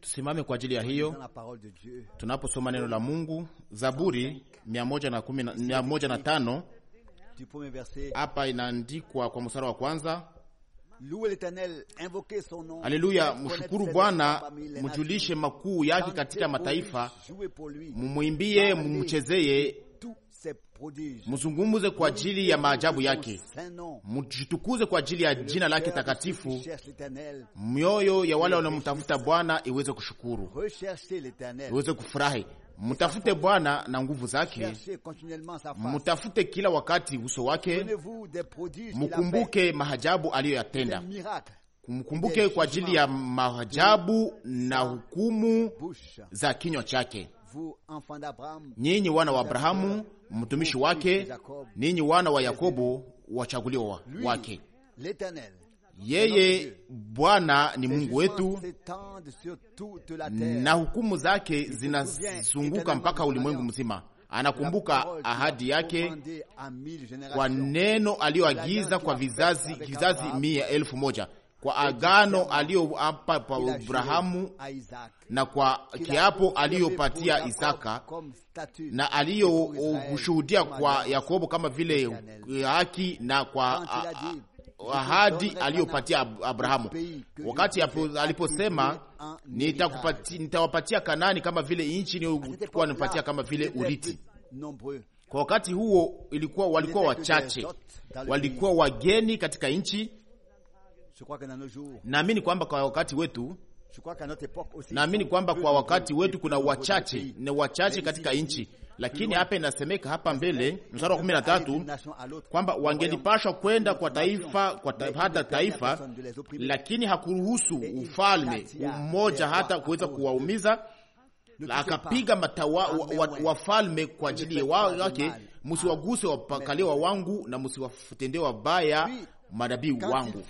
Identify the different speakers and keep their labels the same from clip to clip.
Speaker 1: Tusimame kwa ajili ya hiyo tunaposoma neno la Mungu, Zaburi 105 hapa inaandikwa kwa mstari wa kwanza. Aleluya, mshukuru Bwana, mjulishe makuu yake katika mataifa, mumwimbie, mumchezeye muzungumuze kwa ajili ya maajabu yake, mujitukuze kwa ajili ya jina lake takatifu. Mioyo ya wale wanaomtafuta Bwana iweze kushukuru, iweze kufurahi. Mutafute Bwana na nguvu zake, mutafute kila wakati uso wake, mukumbuke mahajabu aliyoyatenda, mkumbuke kwa ajili ya mahajabu na hukumu za kinywa chake. Nyinyi wana wa Abrahamu mtumishi wake, ninyi wana wa Yakobo, wachaguliwa wake. Yeye Bwana ni Mungu wetu, na hukumu zake zinazunguka mpaka ulimwengu mzima. Anakumbuka ahadi yake kwa neno aliyoagiza kwa vizazi, vizazi mia elfu moja kwa agano aliyoapa kwa Abrahamu na kwa kiapo aliyopatia Isaka na aliyoshuhudia kwa Yakobo kama vile haki na kwa ahadi aliyopatia Abrahamu wakati aliposema nitawapatia Kanani kama vile nchi niyokuwa nipatia kama vile urithi. Kwa wakati huo ilikuwa walikuwa wachache, walikuwa wageni katika nchi Naamini kwamba kwa wakati wetu naamini kwamba kwa wakati wetu kuna wachache ni wachache katika nchi, lakini hapa inasemeka hapa mbele mstari wa tatu kwamba wangelipashwa kwenda kwa taifa kwa ta, hata taifa, lakini hakuruhusu ufalme mmoja hata kuweza kuwaumiza, akapiga matawa wafalme wa, wa kwa ajili wake, msiwaguse wapakaliwa wangu na msiwatendee wabaya manabii wangu.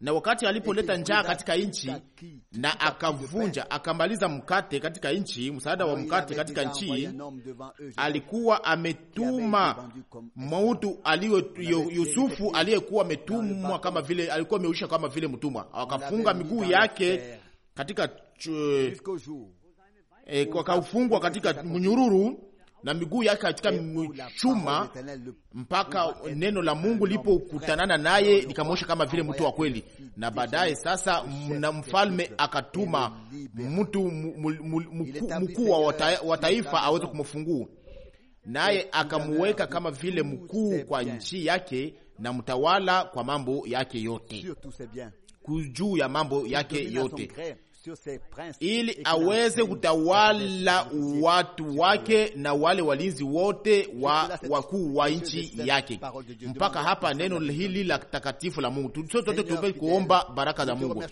Speaker 1: Na wakati alipoleta njaa katika nchi na akavunja akamaliza mkate katika nchi, msaada wa mkate katika nchi, alikuwa ametuma mautu aliyo Yusufu aliyekuwa ametumwa kama vile alikuwa ameuisha kama vile mtumwa, akafunga miguu yake katika e, kwa kaufungwa katika mnyururu na miguu yake katika chuma mpaka neno la Mungu lipokutanana naye likamwosha kama vile mtu wa kweli. Na baadaye sasa, na mfalme akatuma mtu mkuu wa taifa aweze kumfungua, naye akamuweka kama vile mkuu kwa nchi yake na mtawala kwa mambo yake yote, juu ya mambo yake yote ili aweze kutawala watu wake na wale walinzi wote wa wakuu wa nchi yake. Mpaka hapa neno hili la takatifu la Mungu. Sote tuombe kuomba baraka za Mungu.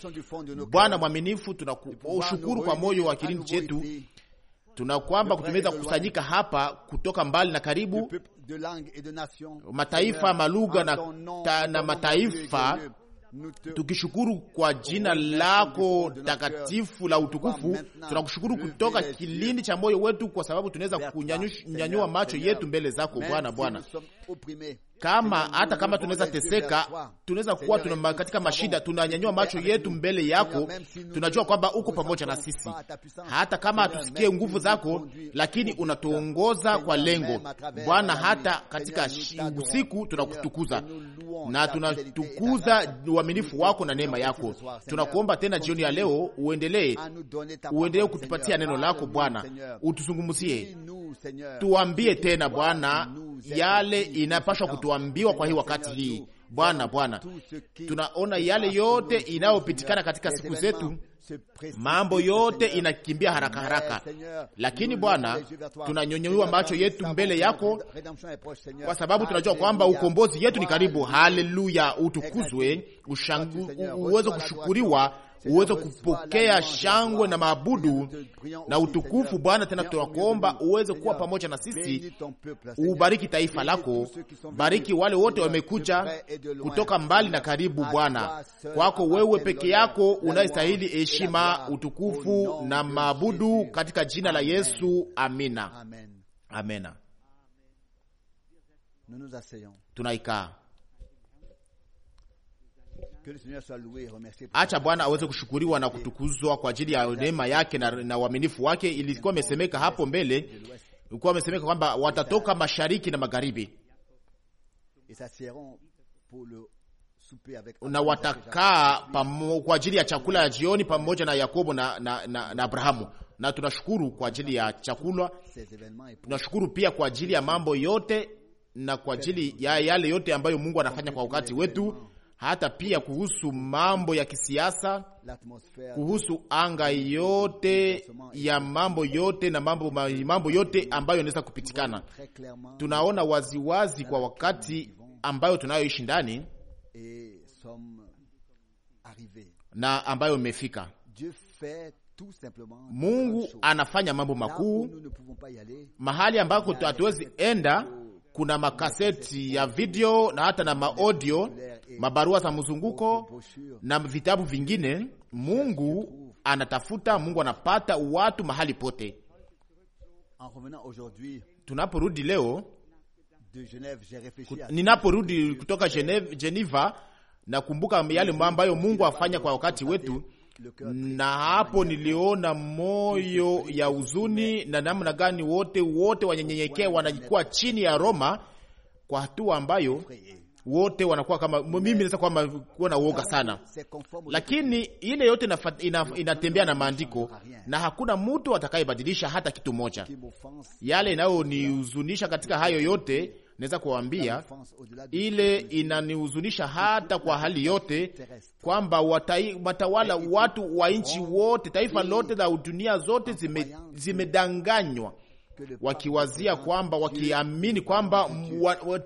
Speaker 1: Bwana mwaminifu, tunakushukuru kwa moyo wa kilindi chetu tunakwamba kutumeza kukusanyika hapa kutoka mbali na karibu,
Speaker 2: mataifa malugha
Speaker 1: na, na mataifa tukishukuru kwa jina lako takatifu la utukufu. Tunakushukuru kutoka kilindi cha moyo wetu, kwa sababu tunaweza kunyanyua macho yetu mbele zako Bwana. Bwana, kama hata kama tunaweza teseka, tunaweza kuwa tuna katika mashida, tunanyanyua macho yetu mbele yako, tunajua kwamba uko pamoja na sisi, hata kama hatusikie nguvu zako, lakini unatuongoza kwa lengo Bwana. Hata katika usiku tunakutukuza na tunatukuza uaminifu wako na neema yako. Tunakuomba tena jioni ya leo uendelee, uendelee kutupatia neno lako Bwana, utuzungumzie, tuambie tena Bwana yale inapaswa kutu tunayoambiwa kwa hii wakati hii. Bwana, Bwana, tunaona yale yote inayopitikana katika siku zetu, mambo yote inakimbia haraka haraka, lakini Bwana, tunanyonyoiwa macho yetu mbele yako, kwa sababu tunajua kwamba ukombozi yetu ni karibu. Haleluya, utukuzwe, uweze kushukuriwa uweze kupokea shangwe na maabudu na utukufu. Bwana, tena tunakuomba uweze kuwa pamoja na sisi, ubariki taifa lako, bariki wale wote wamekuja kutoka mbali na karibu. Bwana, kwako wewe peke yako unayestahili heshima, utukufu na maabudu, katika jina la Yesu, amina, amena. Tunaikaa.
Speaker 2: Acha Bwana aweze
Speaker 1: kushukuriwa na kutukuzwa kwa ajili ya neema yake na, na uaminifu wake. Ilikuwa imesemeka hapo mbele, ilikuwa imesemeka kwamba watatoka mashariki na magharibi
Speaker 2: na watakaa
Speaker 1: kwa ajili ya chakula ya jioni pamoja na Yakobo na, na, na, na Abrahamu. Na tunashukuru kwa ajili ya chakula, tunashukuru pia kwa ajili ya mambo yote na kwa ajili ya yale yote ambayo Mungu anafanya kwa wakati wetu hata pia kuhusu mambo ya kisiasa, kuhusu anga yote ya mambo yote na mambo, mambo yote ambayo inaweza kupitikana. Tunaona waziwazi kwa wakati ambayo tunayoishi ndani na ambayo imefika. Mungu anafanya mambo makuu mahali ambako hatuwezi enda. Kuna makaseti ya video na hata na maaudio mabarua za mzunguko na vitabu vingine. Mungu anatafuta, Mungu anapata watu mahali pote. Tunaporudi leo, ninaporudi kutoka Geneva, nakumbuka yale ambayo Mungu afanya kwa wakati wetu na hapo niliona moyo ya huzuni na namna gani wote wote wanyenyenyekea wanajikuwa chini ya Roma kwa hatua ambayo wote wanakuwa kama mimi, naweza kwamba kuwa na uoga sana, lakini ile yote inatembea na maandiko, na hakuna mtu atakayebadilisha hata kitu moja. Yale inayonihuzunisha katika hayo yote, naweza kuwaambia ile inanihuzunisha hata kwa hali yote, kwamba watawala watu wa nchi wote, taifa lote la dunia zote zimedanganywa, zime wakiwazia kwamba, wakiamini kwamba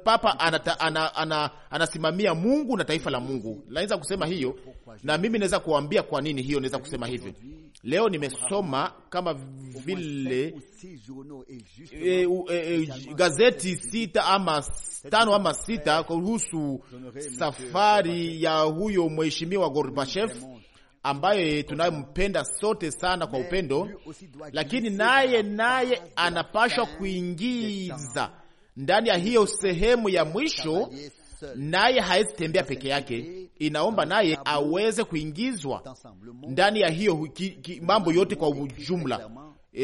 Speaker 1: papa anata, ana, ana, anasimamia Mungu na taifa la Mungu. Naweza kusema hiyo, na mimi naweza kuambia kwa nini hiyo, naweza kusema hivyo leo. Nimesoma kama vile e, e, e, gazeti sita ama tano ama sita kuhusu safari ya huyo mheshimiwa Gorbachev ambaye tunayompenda sote sana kwa upendo, lakini naye naye anapashwa kuingiza ndani ya hiyo sehemu ya mwisho, naye hawezi tembea peke yake, inaomba naye aweze kuingizwa ndani ya hiyo ki, ki, mambo yote kwa ujumla. E,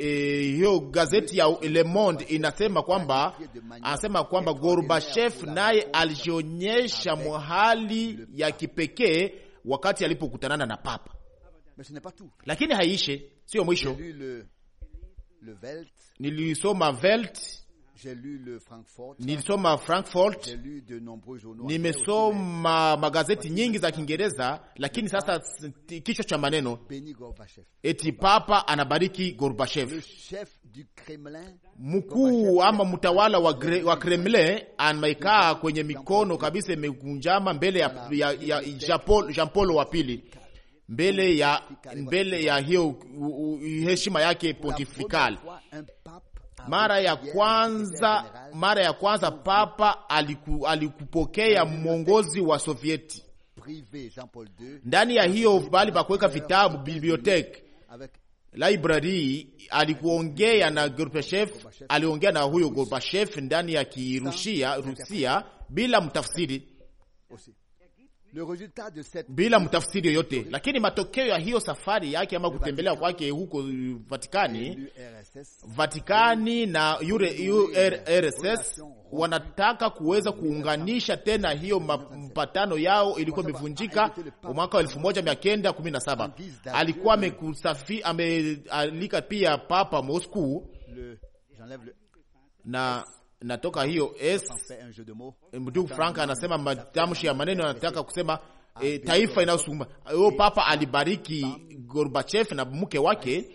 Speaker 1: e, hiyo gazeti ya Le Monde inasema kwamba anasema kwamba Gorbachev naye alijionyesha mahali ya kipekee wakati alipokutanana na Papa, lakini haiishe, siyo mwisho. Nilisoma Welt
Speaker 2: Lu le Frankfurt, nilisoma Frankfurt, lu de nombreux journaux,
Speaker 1: nimesoma magazeti nyingi za Kiingereza, lakini sasa kichwa cha maneno eti papa anabariki Gorbachev, mkuu ama mtawala wa, wa Kremlin amekaa kwenye mikono kabisa imekunjama mbele ya, ya, ya Jean Paul wa pili mbele ya, mbele ya hiyo heshima yake pontifikali mara ya kwanza, mara ya kwanza papa aliku, alikupokea mwongozi wa Sovieti ndani ya hiyo bali kuweka vitabu biblioteke library alikuongea na Gorbachev, aliongea na huyo Gorbachev ndani ya Kirusia Rusia bila mtafsiri bila mtafsiri yoyote, lakini matokeo ya hiyo safari yake ama kutembelea kwake huko uh, Vatikani, Vatikani na yule URSS er, wanataka kuweza kuunganisha tena hiyo mapatano yao ilikuwa imevunjika mwaka wa 1917. Alikuwa amekusafi amealika pia Papa Moscow na natoka hiyo s ndugu frank eh, anasema matamshi ya maneno, anataka kusema e, taifa inayosukuma huyo. Eh, papa alibariki Gorbachev na mke wake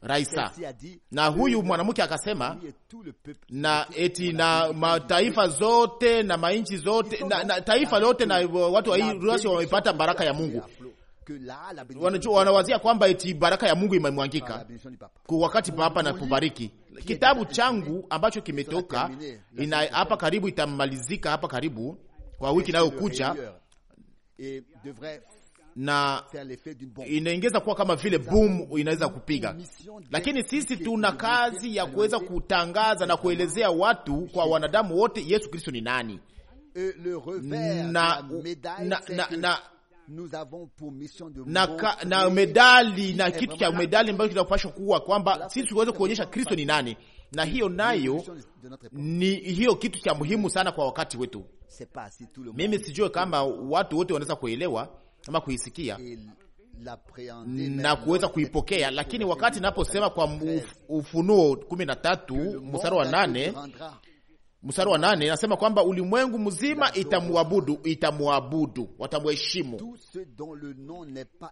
Speaker 1: Raisa, na huyu mwanamke akasema, na eti na mataifa zote na mainchi zote na, na taifa lote na watu wa Russia wamepata baraka ya Mungu wanajua, wanawazia kwamba eti baraka ya Mungu imemwangika kwa ah, wakati papa na kubariki kitabu changu ambacho kimetoka ina hapa karibu, itamalizika hapa karibu kwa wiki inayokuja na inaongeza kuwa kama vile boom inaweza kupiga, lakini sisi tuna kazi ya kuweza kutangaza na kuelezea watu kwa wanadamu wote Yesu Kristo ni nani
Speaker 2: na, na, na, na, na na, na medali
Speaker 1: na eh, kitu cha medali ambacho kinapashwa kuwa kwamba sisi tuweze kuonyesha Kristo ni nani, na hiyo nayo ni hiyo kitu cha muhimu sana kwa wakati wetu. Mimi sijue kama watu wote wanaweza kuelewa ama kuisikia na kuweza kuipokea, lakini wakati naposema kwa ufunuo 13 mstari wa nane mstari wa nane nasema kwamba ulimwengu mzima itamwabudu, itamwabudu, watamheshimu,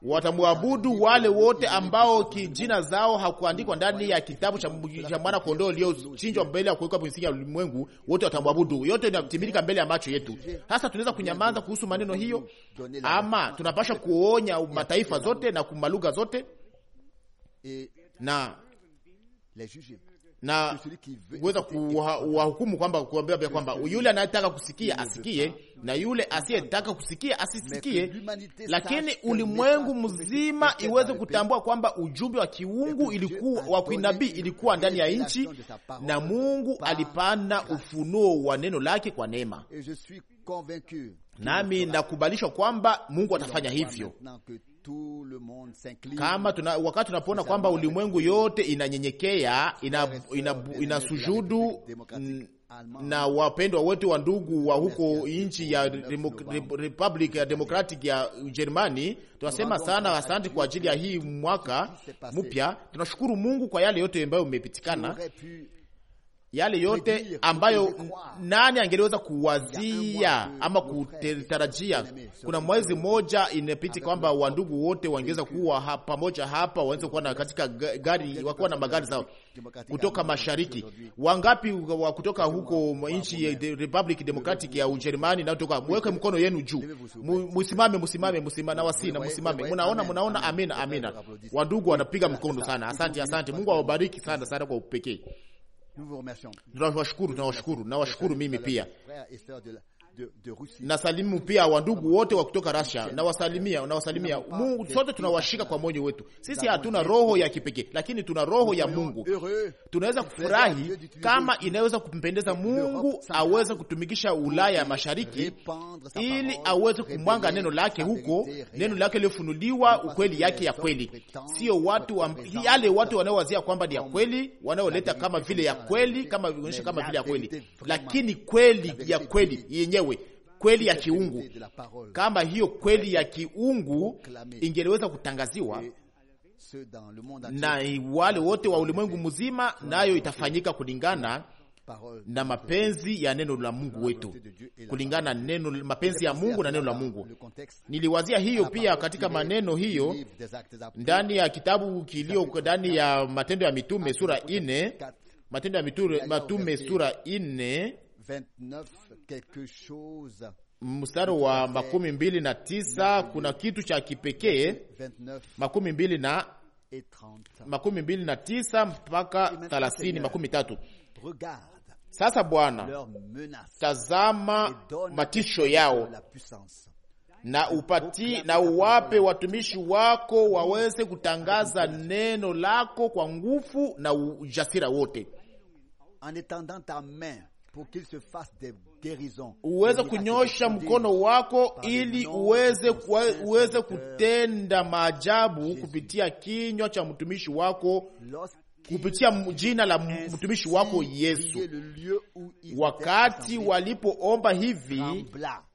Speaker 1: watamwabudu wale wote ambao kijina zao hakuandikwa ndani ya kitabu cha mwana kondoo iliyochinjwa mbele ya kuwekwa misingi ya ulimwengu, wote watamwabudu. Yote inatimilika mbele ya macho yetu. Hasa tunaweza kunyamaza kuhusu maneno hiyo, ama tunapasha kuonya mataifa zote na kumalugha zote na na kuweza kuwahukumu kwamba kuambia pia kwamba yule anayetaka kusikia asikie na yule asiyetaka kusikia asisikie,
Speaker 2: lakini ulimwengu
Speaker 1: mzima iweze kutambua kwamba ujumbe wa kiungu ilikuwa wa kinabii ilikuwa ndani ya nchi, na Mungu alipana ufunuo wa neno lake kwa neema, nami nakubalishwa kwamba Mungu atafanya hivyo kama tuna, wakati tunapoona kwamba ulimwengu yote inanyenyekea inasujudu ina, mm, ina na wapendwa wetu wa ndugu wa huko nchi ya Republic ya Democratic ya Ujerumani, tunasema sana asante kwa ajili ya hii mwaka mpya. Tunashukuru Mungu kwa yale yote ambayo umepitikana yale yote ambayo nani angeliweza kuwazia ama kutarajia? Kuna mwezi moja inapita kwamba wandugu wote wangeweza kuwa pamoja hapa, waweze kuwa na katika gari, wakuwa na magari zao kutoka mashariki. Wangapi wa kutoka huko nchi ya Republic Democratic ya Ujerumani na kutoka, mweke mkono yenu juu, msimame, msimame, msimame, na wasi na msimame. Mnaona, mnaona, amina, amina. Wandugu wanapiga mkono sana. Asante, asante. Mungu awabariki sana sana kwa upekee. Tunawashukuru, tunawashukuru, nawashukuru mimi pia Nasalimu pia wandugu wote wa kutoka Russia, nawasalimia, nawasalimia. Mungu sote tunawashika kwa moyo wetu. Sisi hatuna roho ya kipekee, lakini tuna roho ya Mungu. Eh, Tunaweza kufurahi eh, kama inaweza kumpendeza Mungu aweze kutumikisha Ulaya ya Mashariki ili aweze kumwanga neno lake huko, neno lake lilofunuliwa, ukweli yake ya kweli, sio watu yale watu wanaowazia kwamba ni ya kweli, wanaoleta kama vile ya kweli, kama vile ya kweli, lakini kweli ya kweli yenyewe yenyewe kweli ya kiungu. Kama hiyo kweli ya kiungu ingeliweza kutangaziwa na wale wote wa ulimwengu mzima, nayo itafanyika kulingana na mapenzi ya neno la Mungu wetu, kulingana neno mapenzi ya Mungu na neno la Mungu. Niliwazia hiyo pia katika maneno hiyo ndani ya kitabu kilio ndani ya Matendo ya Mitume sura ine, Matendo ya Mitume sura ine
Speaker 2: 29 quelque chose
Speaker 1: mstari wa makumi mbili na tisa kuna kitu cha kipekee makumi mbili na makumi mbili na tisa mpaka thalathini makumi tatu. Sasa Bwana, tazama matisho yao na upati na uwape watumishi wako waweze kutangaza neno lako kwa nguvu na ujasira wote uweze kunyosha mkono wako ili uweze, uweze kutenda maajabu kupitia kinywa cha mtumishi wako kupitia jina la mtumishi wako Yesu. Wakati walipoomba hivi,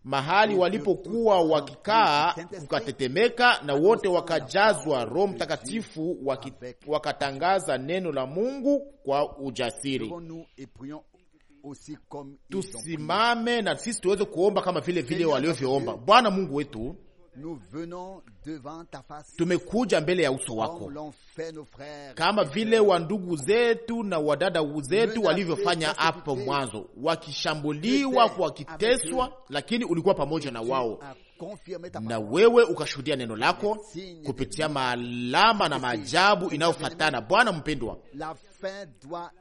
Speaker 1: mahali walipokuwa wakikaa kukatetemeka, na wote wakajazwa Roho Mtakatifu, wakatangaza neno la Mungu kwa ujasiri tusimame na sisi tuweze kuomba kama vile vile walivyoomba. Bwana Mungu wetu,
Speaker 2: tumekuja
Speaker 1: mbele ya uso wako kama vile wandugu zetu na wadada zetu walivyofanya hapo mwanzo, wakishambuliwa, wakiteswa, lakini ulikuwa pamoja na wao na wewe ukashuhudia neno lako kupitia maalama na maajabu inayofatana. Bwana mpendwa,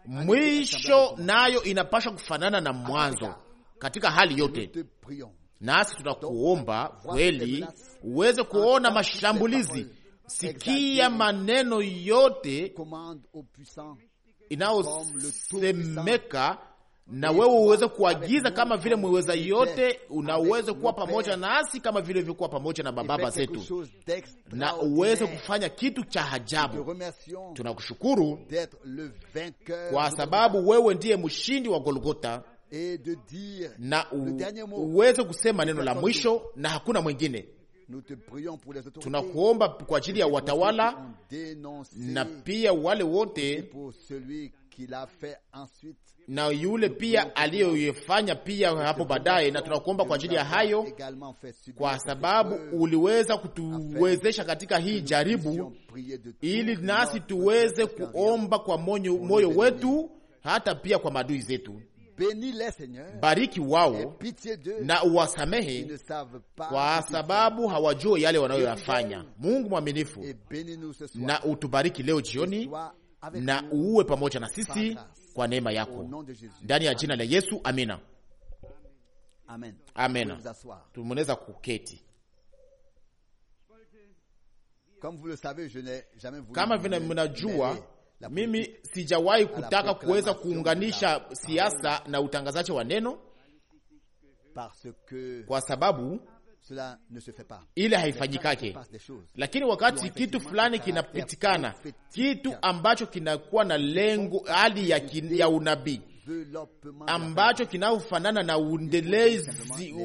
Speaker 1: mwisho nayo inapasha kufanana na mwanzo katika hali yote. Nasi tunakuomba kweli uweze kuona mashambulizi, sikia maneno yote inayosemeka na wewe uweze kuagiza kama vile mweweza yote, unaweza kuwa pamoja nasi kama vile ilivyokuwa pamoja na bababa zetu, na uweze kufanya kitu cha ajabu. Tunakushukuru kwa sababu wewe ndiye mshindi wa Golgota, na uweze kusema neno la mwisho na hakuna mwingine. Tunakuomba kwa ajili ya watawala na pia wale wote na yule pia aliyoifanya pia hapo baadaye, na tunakuomba kwa ajili ya hayo, kwa sababu uliweza kutuwezesha katika hii jaribu, ili nasi tuweze kuomba kwa moyo, moyo wetu hata pia kwa maadui zetu. Bariki wao na uwasamehe, kwa sababu hawajue yale wanayoyafanya. Mungu mwaminifu, na utubariki leo jioni na uwe pamoja na sisi kwa neema yako, ndani ya jina la Yesu. Amina, Amen. Tumeweza kuketi.
Speaker 2: Kama vile mnajua,
Speaker 1: mimi sijawahi kutaka kuweza kuunganisha siasa na utangazaji wa neno kwa sababu
Speaker 2: ile haifanyikake,
Speaker 1: lakini wakati kitu fulani kinapitikana, kitu ambacho kinakuwa na lengo hali ya, ya unabii ambacho kinaofanana na uendelezi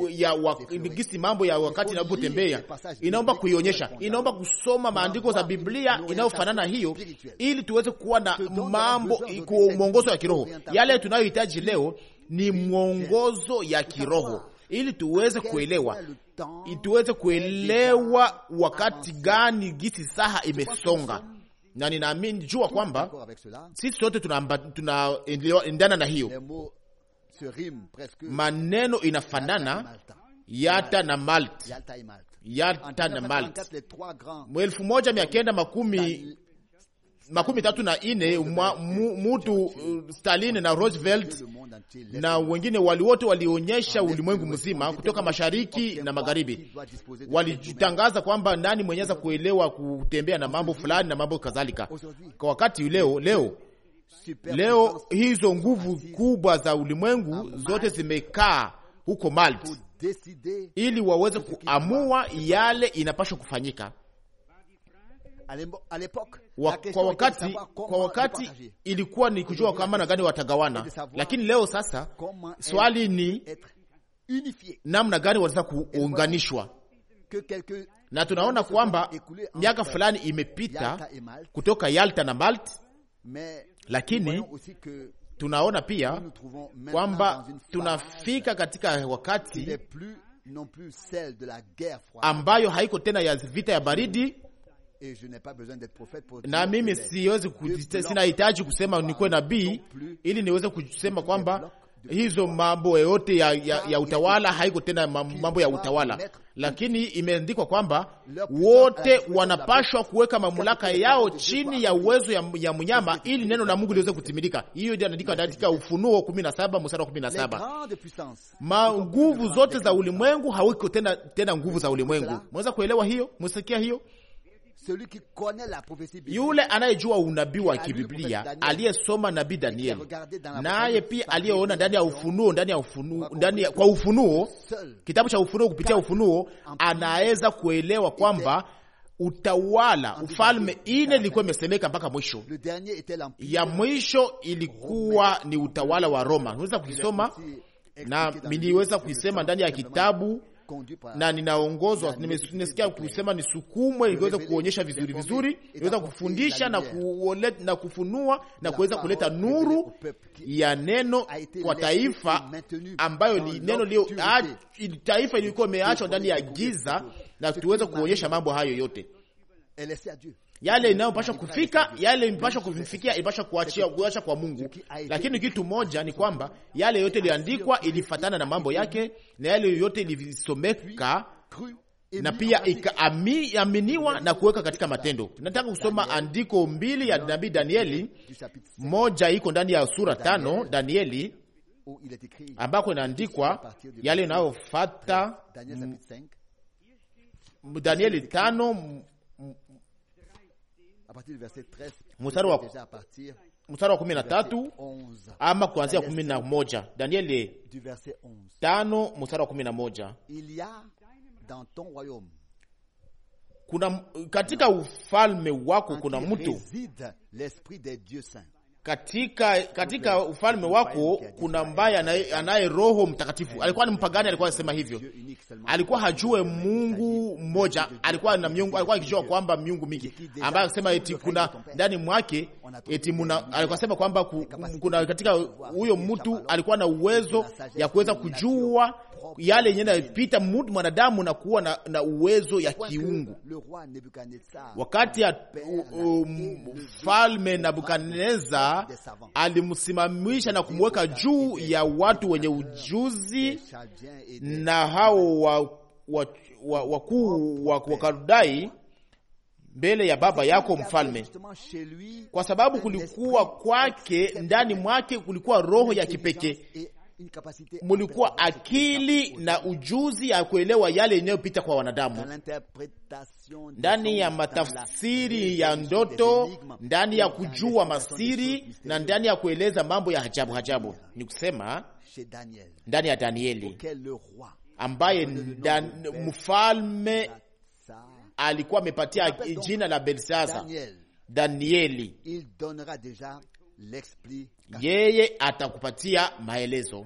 Speaker 1: ya wakati, mambo ya wakati inavyotembea, inaomba kuionyesha, inaomba kusoma maandiko za Biblia inayofanana hiyo, ili tuweze kuwa na mambo kwa ya kiroho. Yale tunayohitaji leo ni mwongozo ya kiroho ili tuweze kuelewa, ili tuweze kuelewa wakati gani gisi saha imesonga, na ninaamini jua kwamba sisi sote tunaendana na hiyo maneno inafanana yata na malt yata na malt elfu moja mia kenda makumi makumi tatu na ine mu, mutu Stalin na Roosevelt na wengine waliwote walionyesha ulimwengu mzima kutoka mashariki na magharibi, walitangaza kwamba nani mwenyeza kuelewa kutembea na mambo fulani na mambo kadhalika. Kwa wakati leo leo leo hizo nguvu kubwa za ulimwengu zote zimekaa huko Malta ili waweze kuamua yale inapashwa kufanyika wa, kwa wakati, kwa wakati ilikuwa ni kujua kama na gani watagawana, lakini leo sasa swali ni namna gani wataweza kuunganishwa na tunaona kwamba miaka fulani imepita
Speaker 2: kutoka Yalta
Speaker 1: na Malta, lakini tunaona pia kwamba tunafika katika wakati ambayo haiko tena ya vita ya baridi na mimi siwezi, sinahitaji kusema nikuwe nabii ili niweze kusema kwamba hizo mambo yote ya, ya, ya utawala haiko tena mambo ya utawala, lakini imeandikwa kwamba wote wanapashwa kuweka mamlaka yao chini ya uwezo ya, ya mnyama ili neno la Mungu liweze kutimilika. Hiyo ndio inaandikwa katika Ufunuo 17 mstari wa
Speaker 2: 17.
Speaker 1: Ma nguvu zote za ulimwengu hawiko tena tena nguvu za ulimwengu. Mweza kuelewa hiyo? mwsikia hiyo? yule anayejua unabii wa kibiblia aliyesoma nabii daniel naye pia aliyeona ndani ya ufunuo ndani ya ufunuo ndani ya kwa ufunuo kitabu cha ufunuo kupitia ufunuo anaweza kuelewa kwamba utawala ufalme ine ilikuwa imesemeka mpaka mwisho ya mwisho, ilikuwa ni utawala wa Roma. Unaweza kuisoma na niliweza kuisema ndani ya kitabu na ninaongozwa, nimesikia kusema nisukumwe, iliweza kuonyesha vizuri vizuri, iliweza kufundisha na, kuole, na kufunua na kuweza kuleta nuru ya neno kwa taifa ambayo ni neno lio, a, ah, taifa ilikuwa imeachwa ndani ya giza, na tuweze kuonyesha mambo hayo yote yale inayopasha kufika, yale inapasha kufikia, inapasha kuachia kuacha kwa Mungu. Lakini kitu moja ni kwamba yale yote iliandikwa ilifatana na mambo yake na yale yote ilisomeka na pia ikaaminiwa na kuweka katika matendo. Nataka kusoma andiko mbili ya nabii Danieli, moja iko ndani ya sura tano Danieli
Speaker 2: ambako inaandikwa yale inayofuata
Speaker 1: Danieli tano mstari wa mstari wa kumi na tatu
Speaker 2: ama kuanzia kumi na
Speaker 1: moja Danieli tano mstari wa kumi na moja kuna katika ufalme wako kuna mtu katika katika ufalme wako kuna mbaya anaye, Roho Mtakatifu. Alikuwa ni mpagani, alikuwa anasema hivyo, alikuwa hajue Mungu mmoja, alikuwa na miungu, alikuwa akijua kwamba miungu mingi ambayo akasema eti kuna ndani mwake eti muna, alikuwa sema kwamba kuna katika huyo mtu alikuwa na uwezo ya kuweza kujua yale yenye napita mtu mwanadamu na kuwa na, na uwezo ya kiungu. Wakati mfalme Nebukadneza alimsimamisha na kumweka juu ya watu wenye ujuzi na hao wakuu wa karudai mbele ya baba yako mfalme, kwa sababu kulikuwa kwake ndani mwake kulikuwa roho ya kipekee mulikuwa akili na ujuzi ya kuelewa yale inayopita kwa wanadamu, ndani ya matafsiri ya ndoto, ndani ya kujua masiri na ndani ya kueleza mambo ya hajabu hajabu, ni kusema ndani ya Danieli ambaye dan, mfalme alikuwa amepatia jina la Belshaza Danieli yeye atakupatia maelezo.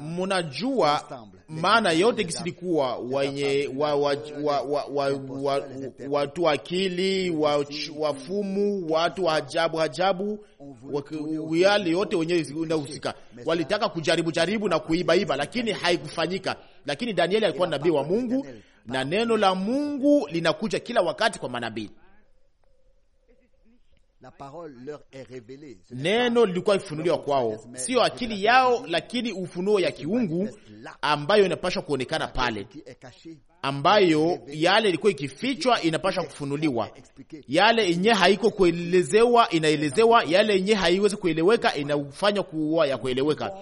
Speaker 1: Munajua maana yote kisilikuwa wenye watu akili wafumu watu wa ajabu ajabu yale yote wenyewe inahusika. Walitaka kujaribu jaribu na kuibaiba, lakini haikufanyika. Lakini Danieli alikuwa nabii wa Mungu na neno la Mungu linakuja kila wakati kwa manabii. Neno lilikuwa ifunuliwa kwao, sio akili yao, lakini ufunuo ya kiungu ambayo inapashwa kuonekana pale ambayo yale ilikuwa ikifichwa inapasha kufunuliwa, yale yenye haiko kuelezewa inaelezewa, yale yenye haiwezi kueleweka inafanywa kuwa ya kueleweka.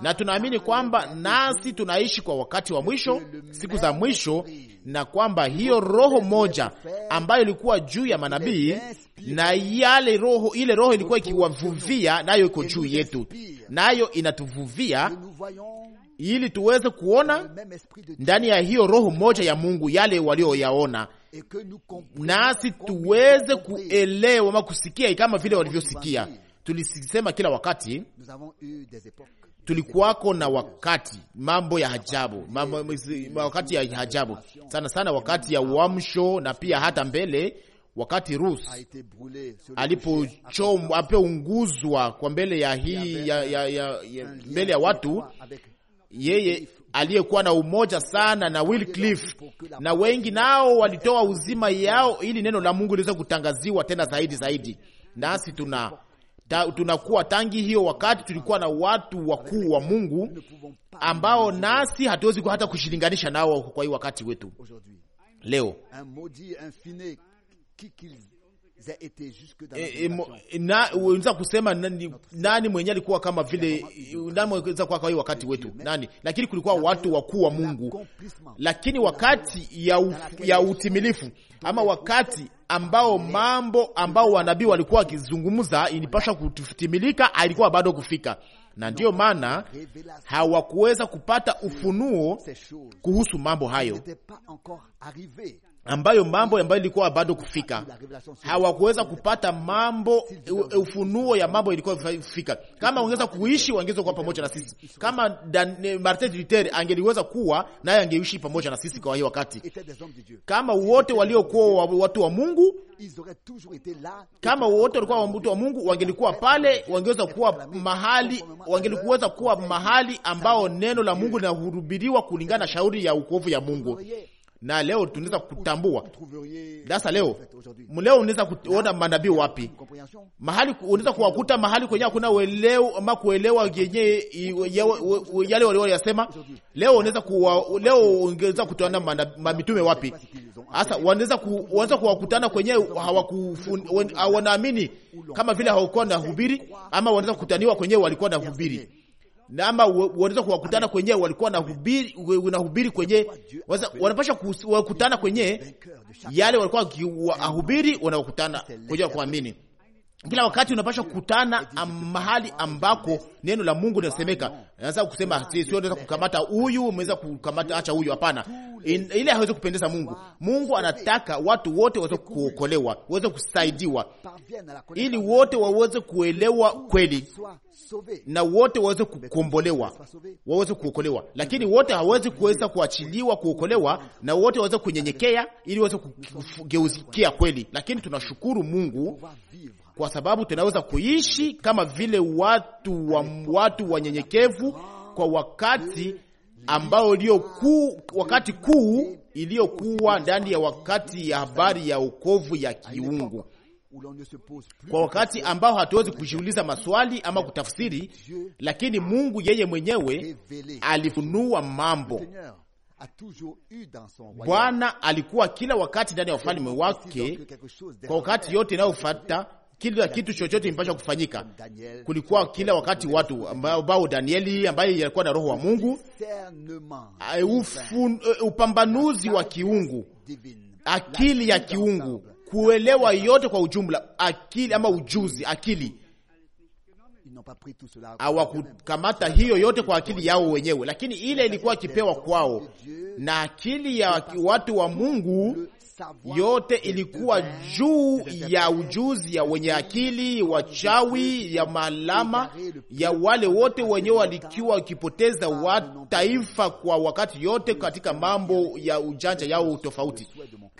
Speaker 1: Na tunaamini kwamba nasi tunaishi kwa wakati wa mwisho, siku za mwisho, na kwamba hiyo roho moja ambayo ilikuwa juu ya manabii na yale roho, ile roho ilikuwa ikiwavuvia, nayo iko juu yetu, nayo inatuvuvia ili tuweze kuona ndani ya hiyo roho moja ya Mungu yale walioyaona, nasi tuweze kuelewa ama kusikia kama vile walivyosikia. Tulisema kila wakati tulikuwako na wakati mambo ya ajabu, mambo, wakati ya ajabu sana sana, wakati ya uamsho na pia hata mbele wakati Rus apeunguzwa kwa mbele ya hii ya, ya, ya, ya, mbele ya watu yeye aliyekuwa na umoja sana na Wycliffe na wengi nao walitoa uzima yao ili neno la Mungu liweze kutangaziwa tena zaidi zaidi. Nasi tuna ta, tunakuwa tangi hiyo wakati tulikuwa na watu wakuu wa Mungu ambao nasi hatuwezi hata kushilinganisha nao kwa hii wakati wetu leo unaweza eh, eh, eh, kusema nani, nani mwenye alikuwa kama vile nani mwenza kuwa kwa wakati wetu nani, lakini kulikuwa watu wakuu wa Mungu, lakini wakati ya, ya utimilifu ama wakati ambao mambo ambao wanabii walikuwa wakizungumza ilipasha kutimilika, alikuwa bado kufika, na ndiyo maana hawakuweza kupata ufunuo kuhusu mambo hayo ambayo mambo ambayo ilikuwa bado kufika, hawakuweza kupata mambo ufunuo ya mambo ilikuwa kufika. Kama wangeweza kuishi, wangeweza kuwa pamoja na sisi. Kama Martin Luther angeliweza kuwa naye, angeishi pamoja na sisi kwa hii wakati. Kama wote waliokuwa watu wa Mungu, kama wote walikuwa watu wa Mungu, wangelikuwa pale, wangeweza kuwa mahali, wangelikuweza kuwa mahali ambao neno la Mungu linahubiriwa kulingana na shauri ya ukovu ya Mungu oh, na leo tunaweza kutambua sasa. Leo leo unaweza kuona manabii wapi? Mahali unaweza kuwakuta mahali kwenye hakuna uelewa ama kuelewa yenye yale walioyasema. Leo unaweza kuwa leo ungeweza kutana mitume wapi? Sasa wanaweza kuanza kuwakutana kwenye hawanaamini kama vile hawakuwa na hubiri, ama wanaweza kukutaniwa kwenye walikuwa na hubiri na ama wanaweza kuwakutana kwenye walikuwa nahubiri, kwenye wanapasha kukutana kwenye yale walikuwa ahubiri, wanakutana kwenye kuamini kila wakati unapaswa kukutana mahali ambako neno la Mungu linasemeka. Naweza kusema sio, si, kukamata huyu, umeweza kukamata acha huyu, hapana. Ile hawezi kupendeza Mungu. Mungu anataka watu wote waweze kuokolewa, waweze kusaidiwa, ili wote waweze kuelewa kweli na wote waweze kukombolewa, waweze kuokolewa. Lakini wote hawezi kuweza kuachiliwa kuokolewa, na wote waweze kunyenyekea ili waweze kugeuzikia kweli. Lakini tunashukuru Mungu kwa sababu tunaweza kuishi kama vile watu wa watu wanyenyekevu kwa wakati ambao ulio kuu, wakati kuu iliyokuwa ndani ya wakati ya habari ya wokovu ya kiungu, kwa wakati ambao hatuwezi kujiuliza maswali ama kutafsiri, lakini Mungu yeye mwenyewe alifunua mambo. Bwana alikuwa kila wakati ndani ya ufalme wake, kwa wakati yote inayofuata kila kitu chochote impasha kufanyika. Kulikuwa kila wakati watu ambao Danieli ambaye alikuwa na roho wa Mungu, ufun, eh, upambanuzi wa kiungu, akili ya kiungu, kuelewa yote kwa ujumla, akili ama ujuzi, akili hawakukamata hiyo yote kwa akili yao wenyewe, lakini ile ilikuwa kipewa kwao na akili ya watu wa Mungu yote ilikuwa juu ya ujuzi ya wenye akili, wachawi, ya maalama, ya wale wote wenye walikiwa wakipoteza wataifa kwa wakati yote katika mambo ya ujanja yao tofauti.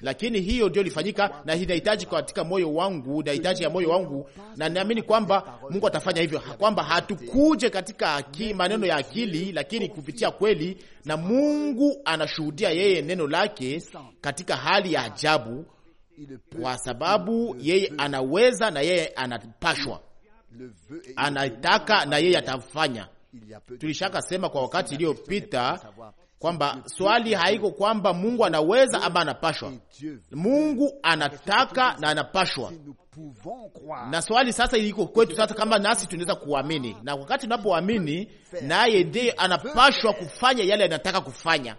Speaker 1: Lakini hiyo ndio ilifanyika, na inahitaji katika moyo wangu, nahitaji ya moyo wangu, na naamini kwamba Mungu atafanya hivyo, kwamba hatukuje katika maneno ya akili, lakini kupitia kweli na Mungu anashuhudia yeye neno lake katika hali ya ajabu, kwa sababu yeye anaweza na yeye anapashwa, anataka na yeye atafanya. Tulishaka sema kwa wakati iliyopita kwamba swali haiko kwamba Mungu anaweza ama anapashwa. Mungu anataka na anapashwa, na swali sasa iliko kwetu sasa, kama nasi tunaweza kuamini, na wakati tunapoamini, naye ndiye anapashwa kufanya yale anataka kufanya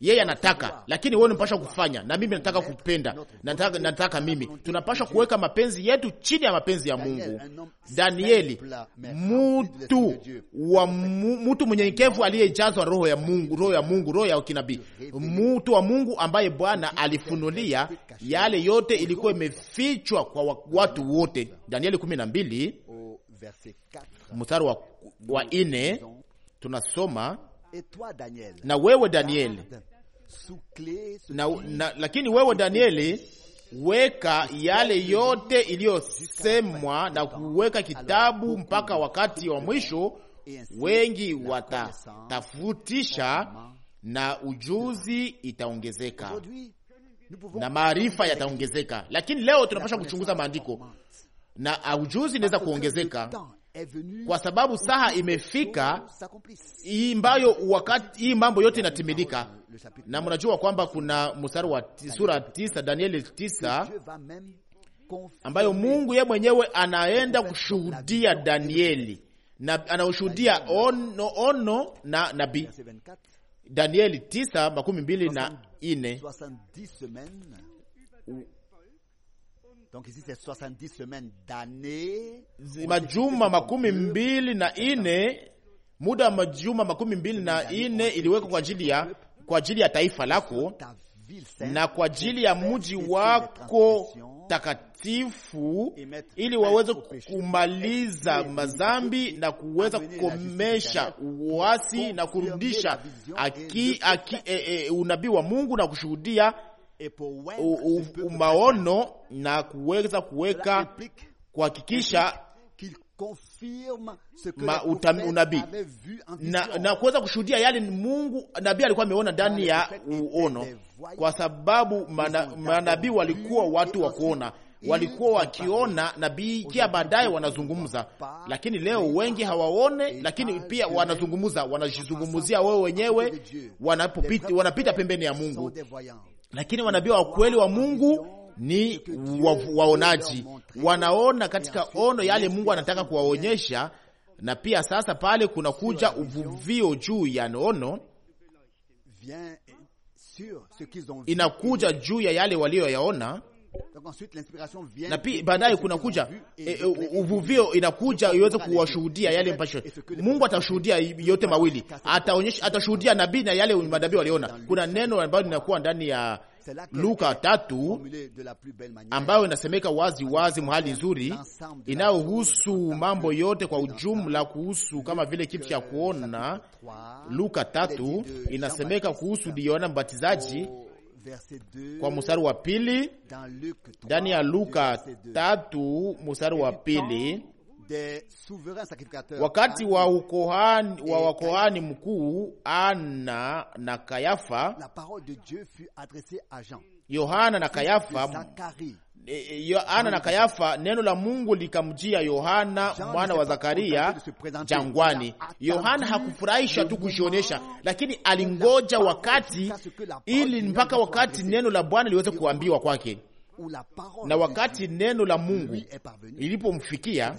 Speaker 1: yeye anataka, lakini wewe unapasha kufanya, na mimi nataka kupenda, nataka, nataka mimi. Tunapasha kuweka mapenzi yetu chini ya mapenzi ya Mungu. Danieli, mtu wa mtu mnyenyekevu aliyejazwa roho ya Mungu, roho ya Mungu, roho ya kinabii, mtu wa Mungu ambaye Bwana alifunulia yale yote oh, ilikuwa imefichwa kwa watu wote. Danieli 12 mstari wa, 4 tunasoma na wewe Danieli na, na, lakini wewe Danieli weka yale yote iliyosemwa na kuweka kitabu mpaka wakati wa mwisho. Wengi watatafutisha na ujuzi itaongezeka na maarifa yataongezeka, lakini leo tunapasha kuchunguza maandiko na ujuzi inaweza kuongezeka kwa sababu saha imefika ambayo wakati hii mambo yote inatimilika. Na mnajua kwamba kuna mstari wa sura tisa, Danieli tisa, ambayo Mungu ye mwenyewe anaenda kushuhudia Danieli na anaushuhudia ono, ono na nabii Danieli tisa makumi mbili na ine
Speaker 2: majuma
Speaker 1: makumi mbili na ine muda wa majuma makumi mbili na ine iliwekwa kwa ajili ya kwa ajili ya taifa lako na kwa ajili ya mji wako takatifu, ili waweze kumaliza mazambi na kuweza kukomesha uasi na kurudisha aki, aki, e, e, unabii wa Mungu na kushuhudia umaono na kuweza kuweka kuhakikisha unabii na, na kuweza kushuhudia yale Mungu nabii alikuwa ameona ndani ya uono, kwa sababu manabii walikuwa watu wa kuona, walikuwa wakiona nabii kia baadaye wanazungumza, lakini leo wengi hawaone, lakini pia wanazungumza, wanajizungumzia wao wenyewe, wanapita pembeni ya Mungu lakini wanabii wa kweli wa Mungu ni wa, waonaji. Wanaona katika ono yale Mungu anataka kuwaonyesha, na pia sasa pale kuna kuja uvuvio juu ya ono,
Speaker 2: inakuja
Speaker 1: juu ya yale walioyaona na pia baadaye kunakuja e, uvuvio inakuja iweze kuwashuhudia yale mpasho. Mungu atashuhudia yote mawili, ataonyesha atashuhudia nabii na yale manabii waliona. Kuna neno ambayo linakuwa ndani ya Luka tatu ambayo inasemeka wazi wazi mahali nzuri inayohusu mambo yote kwa ujumla, kuhusu kama vile kitu cha kuona. Luka tatu inasemeka kuhusu Yohana Mbatizaji kwa mstari wa pili ndani ya Luka tatu mstari wa pili
Speaker 2: wakati wa
Speaker 1: ukohani, wa wakohani mkuu Ana na Kayafa, Yohana na Kayafa, E, e, Yohana na Kayafa, neno la Mungu likamjia Yohana mwana wa Zakaria jangwani. Yohana hakufurahisha tu kujionyesha, lakini alingoja wakati ili mpaka wakati neno la Bwana liweze kuambiwa kwake na wakati neno la Mungu ilipomfikia,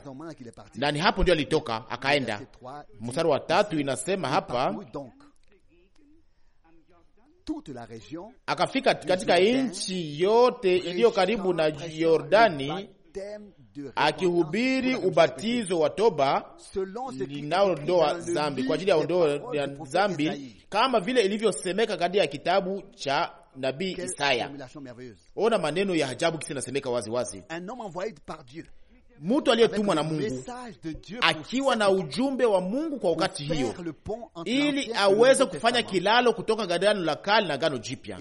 Speaker 1: na ni hapo ndio alitoka akaenda. Mstari wa tatu inasema hapa akafika katika nchi yote iliyo karibu na Yordani akihubiri ubatizo wa toba linaondoa zambi kwa ajili ya ondoa ya zambi, kama vile ilivyosemeka katika kitabu cha nabii Isaya. Ona maneno ya ajabu kisi nasemeka waziwazi wazi mtu aliyetumwa na Mungu akiwa na ujumbe wa Mungu kwa wakati hiyo, ili aweze kufanya kilalo kutoka gadano la kale na gano jipya.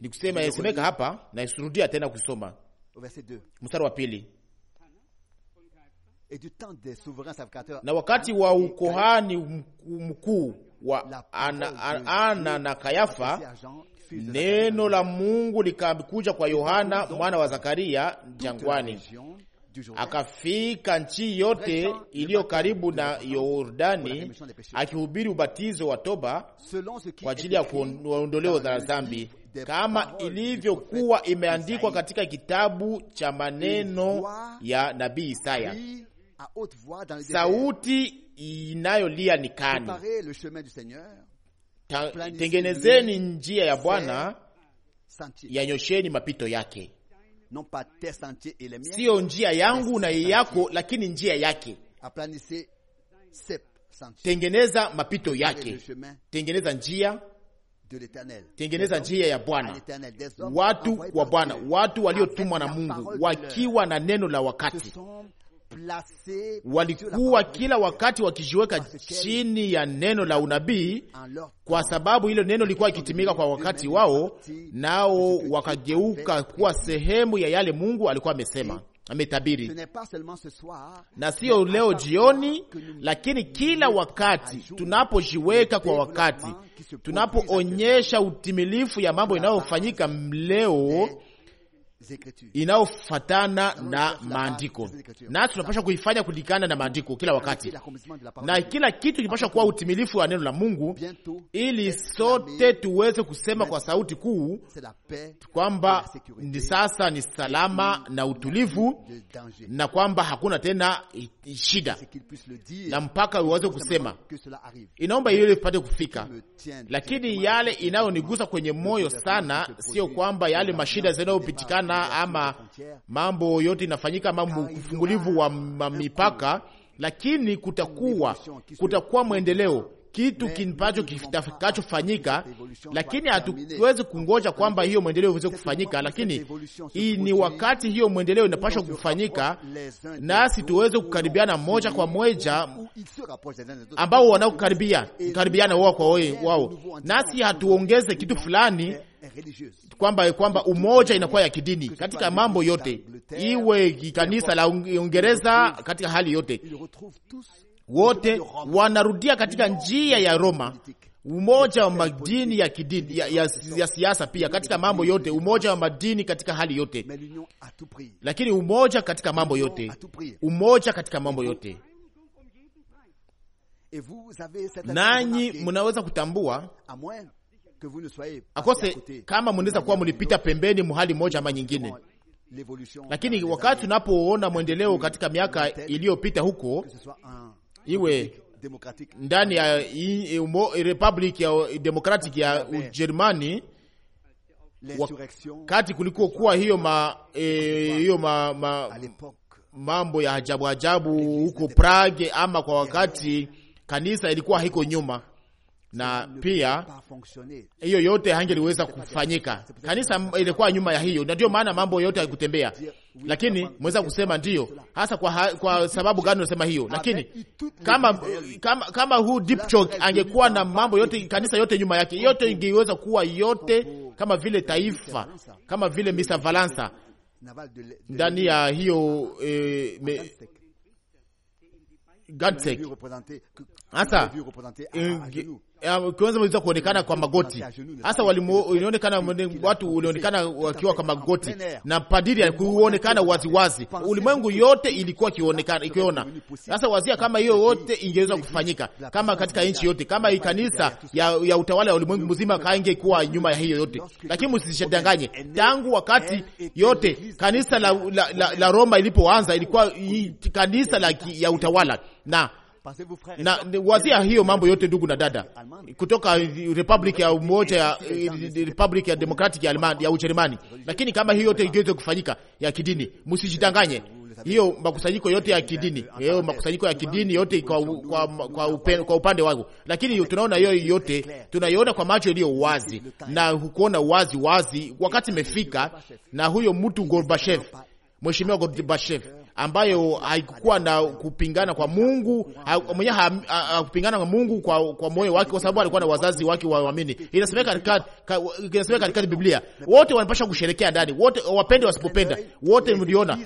Speaker 1: Ni kusema yasemeka hapa, na isurudia tena kusoma mstari wa pili na wakati wa ukohani mkuu wa Ana, Ana na Kayafa, neno la Mungu likakuja kwa Yohana mwana wa Zakaria jangwani, akafika nchi yote iliyo karibu na Yordani akihubiri ubatizo wa toba kwa ajili ya kuondolewa za dhambi kama ilivyokuwa imeandikwa katika kitabu cha maneno ya nabii Isaya,
Speaker 2: sauti
Speaker 1: inayolia ni kani,
Speaker 2: tengenezeni
Speaker 1: njia ya Bwana, yanyosheni mapito yake
Speaker 2: siyo njia yangu na
Speaker 1: yako, lakini njia yake. Tengeneza mapito yake, tengeneza njia tengeneza njia ya Bwana, watu wa Bwana, watu waliotumwa na Mungu wakiwa na neno la wakati, walikuwa kila wakati wakijiweka chini ya neno la unabii, kwa sababu hilo neno lilikuwa ikitimika kwa wakati wao, nao wakageuka kuwa sehemu ya yale Mungu alikuwa amesema ametabiri na sio leo jioni, lakini kila wakati tunapojiweka kwa wakati, tunapoonyesha utimilifu ya mambo inayofanyika leo inayofatana na maandiko, nasi tunapasha kuifanya kulikana na maandiko kila wakati, na kila kitu kinapasha kuwa utimilifu wa neno la Mungu, ili sote tuweze kusema kwa sauti kuu kwamba ni sasa ni salama na utulivu, na kwamba hakuna tena shida, na mpaka uweze kusema inaomba ile ipate kufika. Lakini yale inayonigusa kwenye moyo sana sio kwamba yale mashida zinayopitikana sana, ama mambo yote inafanyika, mambo ufungulivu wa mipaka, lakini kutakuwa kutakuwa mwendeleo kitu kinacho kitakachofanyika, lakini hatuwezi kungoja kwamba hiyo mwendeleo iweze kufanyika, lakini ni wakati hiyo mwendeleo inapaswa kufanyika, nasi tuweze kukaribiana moja kwa moja, ambao wanaokaribia kukaribiana wao kwa wao, nasi hatuongeze kitu fulani kwamba kwamba umoja inakuwa ya kidini katika mambo yote, iwe kanisa la Uingereza katika hali yote wote wanarudia katika njia ya Roma, umoja wa madini ya kidini ya, ya, ya siasa pia katika mambo yote, umoja wa madini katika hali yote, lakini umoja katika mambo yote, umoja katika mambo yote.
Speaker 2: Nanyi
Speaker 1: mnaweza kutambua akose kama mnaweza kuwa mlipita pembeni muhali moja ama nyingine, lakini wakati unapoona mwendeleo katika miaka iliyopita huko iwe ndani ya republic ya demokratiki ya Ujerumani wakati kuwa hiyo ma, e, hiyo ma, ma, mambo ya ajabu ajabu huko Prague, ama kwa wakati kanisa ilikuwa hiko nyuma na pia hiyo yote hangeliweza kufanyika. Kanisa ilikuwa nyuma ya hiyo, na ndio maana mambo yote hayakutembea. Lakini mweza kusema ndiyo hasa kwa, ha, kwa sababu gani unasema hiyo? Lakini kama kama, kama huu Dipchok angekuwa na mambo yote, kanisa yote nyuma yake, yote ingeweza kuwa yote kama vile taifa, kama vile Mr. Valansa ndani ya hiyo eh, me, hasa Eh, kuanza kuonekana kwa magoti hasa walionekana, watu walionekana wakiwa kwa magoti, na padiri alikuonekana waziwazi, ulimwengu yote ilikuwa kionekana ikiona. Sasa wazia kama hiyo yote ingeweza kufanyika kama katika nchi yote, kama ikanisa ya, ya utawala ya ulimwengu mzima kaingekuwa nyuma ya hiyo yote, lakini msishadanganye, tangu wakati yote kanisa la, la, la, la Roma ilipoanza ilikuwa kanisa la, ya utawala na na wazia hiyo mambo yote, ndugu na dada, kutoka republic ya umoja ya eh, republic ya democratic ya Ujerumani. Lakini kama hiyo yote ingeweza kufanyika ya kidini, msijidanganye hiyo makusanyiko yote ya kidini, hiyo makusanyiko ya kidini yote kwa, kwa, kwa, upen, kwa upande wangu, lakini tunaona hiyo yote, tunaiona kwa macho iliyo wazi na kuona wazi wazi, wakati imefika. Na huyo mtu Gorbachev, mheshimiwa Gorbachev ambayo haikuwa na kupingana kwa Mungu, mwenye hakupingana kwa Mungu kwa, kwa moyo wake, kwa sababu alikuwa na wazazi wake waamini. Inasemeka katika inasemeka katika Biblia, wote wanapaswa kusherekea ndani, wote wapende wasipopenda, wote mliona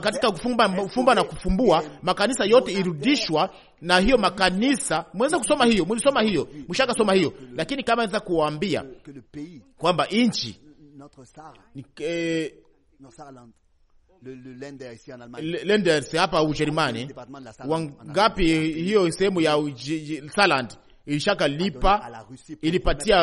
Speaker 1: katika kufumba, kufumba na kufumbua makanisa yote irudishwa na hiyo makanisa mweza kusoma hiyo, mlisoma hiyo, mshaka soma hiyo. Lakini kama naweza kuwaambia kwamba nchi si hapa Ujerumani, wangapi hiyo sehemu ya Saarland lipa ilipatia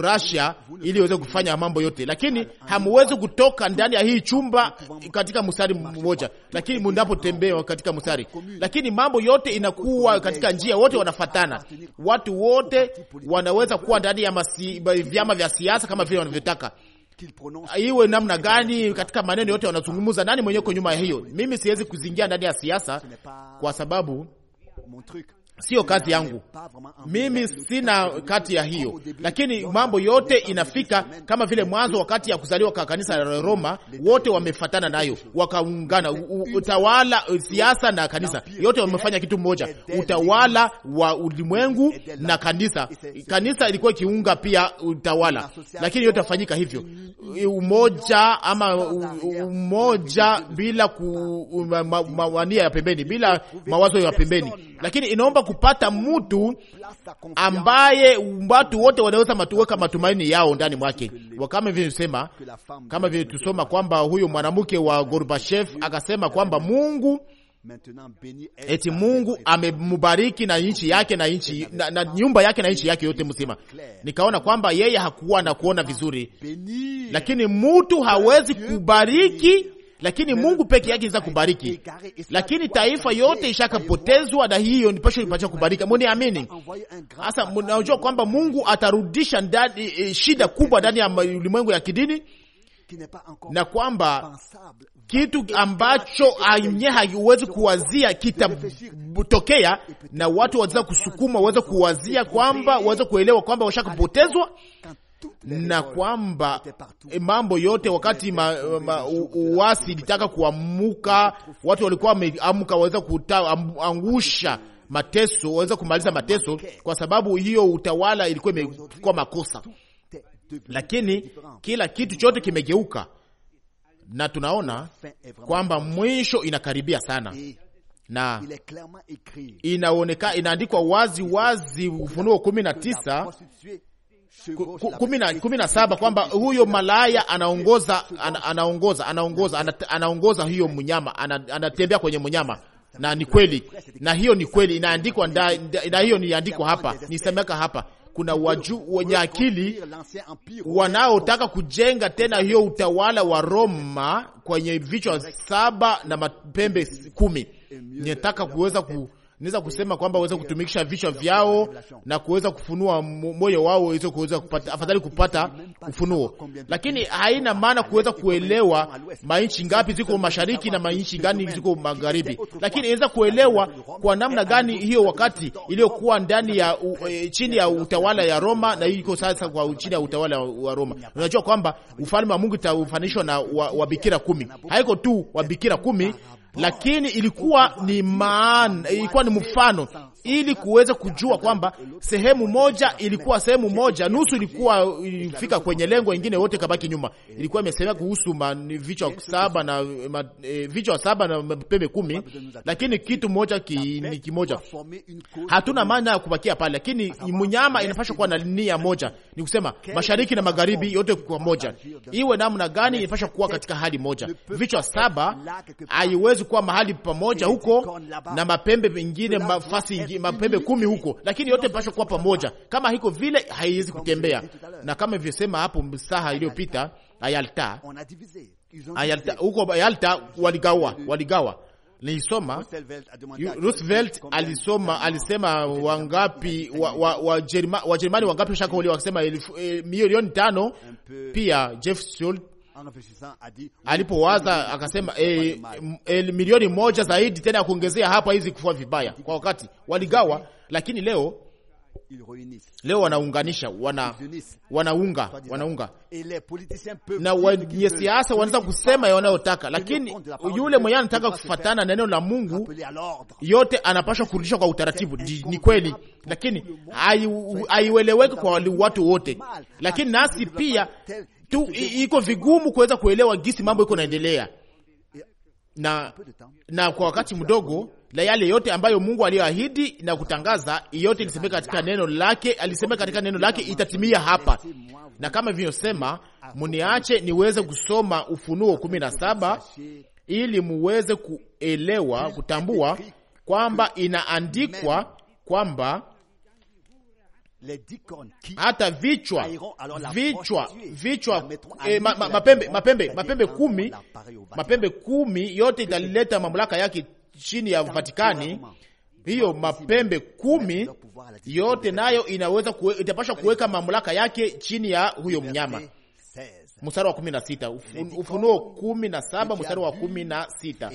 Speaker 1: Russia ili iweze kufanya mambo yote, lakini hamuwezi kutoka ndani ya hii chumba katika mstari mmoja, lakini mnapotembea katika mstari, lakini mambo yote inakuwa katika njia, wote wanafatana, watu wote wanaweza kuwa ndani ya vyama vya siasa kama vile wanavyotaka. Ah, iwe namna gani katika maneno yote wanazungumza, nani mwenyewe nyuma ya hiyo? Mimi siwezi kuzingia ndani ya siasa kwa sababu sio kati yangu mimi, sina kati ya hiyo, lakini mambo yote inafika kama vile mwanzo, wakati ya kuzaliwa kwa kanisa la Roma, wote wamefatana nayo wakaungana. Utawala, siasa na kanisa, yote wamefanya kitu moja, utawala wa ulimwengu na kanisa. Kanisa ilikuwa ikiunga pia utawala, lakini yote yafanyika hivyo, umoja ama umoja bila ku, ma, ma, ma, ya pembeni, bila mawazo ya pembeni, lakini inaomba kupata mtu ambaye watu wote wanaweza matuweka matumaini yao ndani mwake, kama vile tusema, kama vile tusoma kwamba huyo mwanamke wa Gorbachev akasema kwamba Mungu eti Mungu amemubariki na nchi yake na nchi na, na nyumba yake na nchi yake yote mzima. Nikaona kwamba yeye hakuwa na kuona vizuri, lakini mtu hawezi kubariki lakini Mungu peke yake iza kubariki, lakini taifa yote ishakapotezwa, na hiyo nipasho ipatia kubarika. Muniamini sasa, mnajua kwamba Mungu atarudisha ndani e, e, shida kubwa ndani ya ulimwengu ya kidini na kwamba kitu ambacho anye hauwezi kuwazia kitatokea, na watu waweza kusukuma, waweza kuwazia kwamba waweza kuelewa kwamba washakapotezwa na kwamba eh, mambo yote wakati ma, ma, u, ilitaka kuamuka, watu walikuwa wameamka, waweza kuangusha mateso, waweza kumaliza mateso, kwa sababu hiyo utawala ilikuwa imekuwa makosa, lakini kila kitu chote kimegeuka, na tunaona kwamba mwisho inakaribia sana na inaonekana inaandikwa wazi wazi, Ufunuo kumi na tisa kumi na saba kwamba huyo malaya anaongoza anaongoza anaongoza anaongoza hiyo mnyama anatembea kwenye mnyama na ni kweli, na hiyo ni kweli inaandikwa, na hiyo niandikwa hapa, nisemeka hapa. Kuna waju wenye akili wanaotaka kujenga tena hiyo utawala wa Roma kwenye vichwa saba na mapembe kumi. Nataka kuweza ku, Naweza kusema kwamba waweze kutumikisha vichwa vyao na kuweza kufunua moyo wao, hizo kuweza kupata afadhali kupata ufunuo, lakini haina maana kuweza kuelewa mainchi ngapi ziko mashariki na mainchi gani ziko magharibi, lakini inaweza kuelewa kwa namna gani hiyo wakati iliyokuwa ndani ya u, e, chini ya utawala ya Roma na iko sasa kwa chini ya utawala wa Roma. Unajua kwamba ufalme wa Mungu itafananishwa na wabikira wa kumi, haiko tu wabikira kumi lakini ilikuwa ni maana, ilikuwa ni mfano ili kuweza kujua kwamba sehemu moja ilikuwa sehemu moja, nusu ilikuwa ilifika kwenye lengo, ingine wote kabaki nyuma. Ilikuwa imesema kuhusu vichwa saba na ma, e, vichwa saba na pembe kumi, lakini kitu moja ki, ni kimoja. Hatuna maana ya kubakia pale, lakini mnyama inapaswa kuwa na nia moja ni kusema mashariki na magharibi yote kwa moja, iwe namna gani inapasha kuwa katika hali moja. Vichwa saba haiwezi kuwa mahali pamoja huko na mapembe mengine mafasi mapembe kumi huko, lakini yote inapasha kuwa pamoja. Kama hiko vile haiwezi kutembea, na kama ivyosema hapo msaha iliyopita Ayalta, Ayalta huko Ayalta waligawa, waligawa nilisoma Roosevelt alisoma alisema, wangapi Wajerumani wangapi washakuolewa? wakasema eh, milioni tano. Pia jeff Jefferson alipowaza akasema eh, eh, milioni moja zaidi tena ya kuongezea hapa, hizi kufua vibaya kwa wakati waligawa, lakini leo leo wanaunganisha wana, wanaunga wanaunga na wenye siasa wanaweza kusema wanayotaka, lakini yule mwenye anataka kufatana na neno la Mungu yote anapashwa kurudishwa kwa utaratibu. Ni kweli, lakini haiweleweke kwa watu wote, lakini nasi pia tu iko vigumu kuweza kuelewa gisi mambo iko naendelea na na kwa wakati mdogo na yale yote ambayo Mungu aliyoahidi na kutangaza, yote ilisemeka katika neno lake, alisemeka katika neno lake itatimia hapa. Na kama vilivyosema, mniache niweze kusoma Ufunuo 17 ili muweze kuelewa, kutambua kwamba inaandikwa kwamba hata vichwa vichwa vichwa e, ma, ma, mapembe mapembe mapembe kumi mapembe kumi yote italileta mamlaka yake chini ya Vatikani, hiyo mapembe kumi yote nayo inaweza kue, itapasha kuweka mamlaka yake chini ya huyo mnyama. Mstari wa kumi na sita Ufunuo kumi na saba mstari wa kumi na sita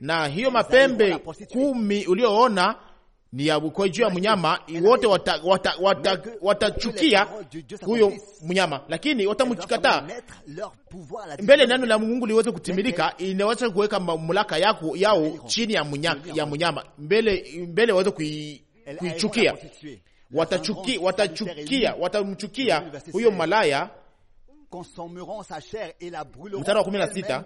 Speaker 1: na hiyo mapembe kumi uliyoona ni ya juu ya mnyama, wote watachukia oh, huyo mnyama, lakini watamchikataa mbele neno la Mungu liweze kutimilika. Inaweza kuweka mamlaka yako yao chini ya mnyama, ya mnyama mbele mbele waweze kuichukia watachuki watachukia watachukia watamchukia huyo malaya
Speaker 2: mstari wa kumi na sita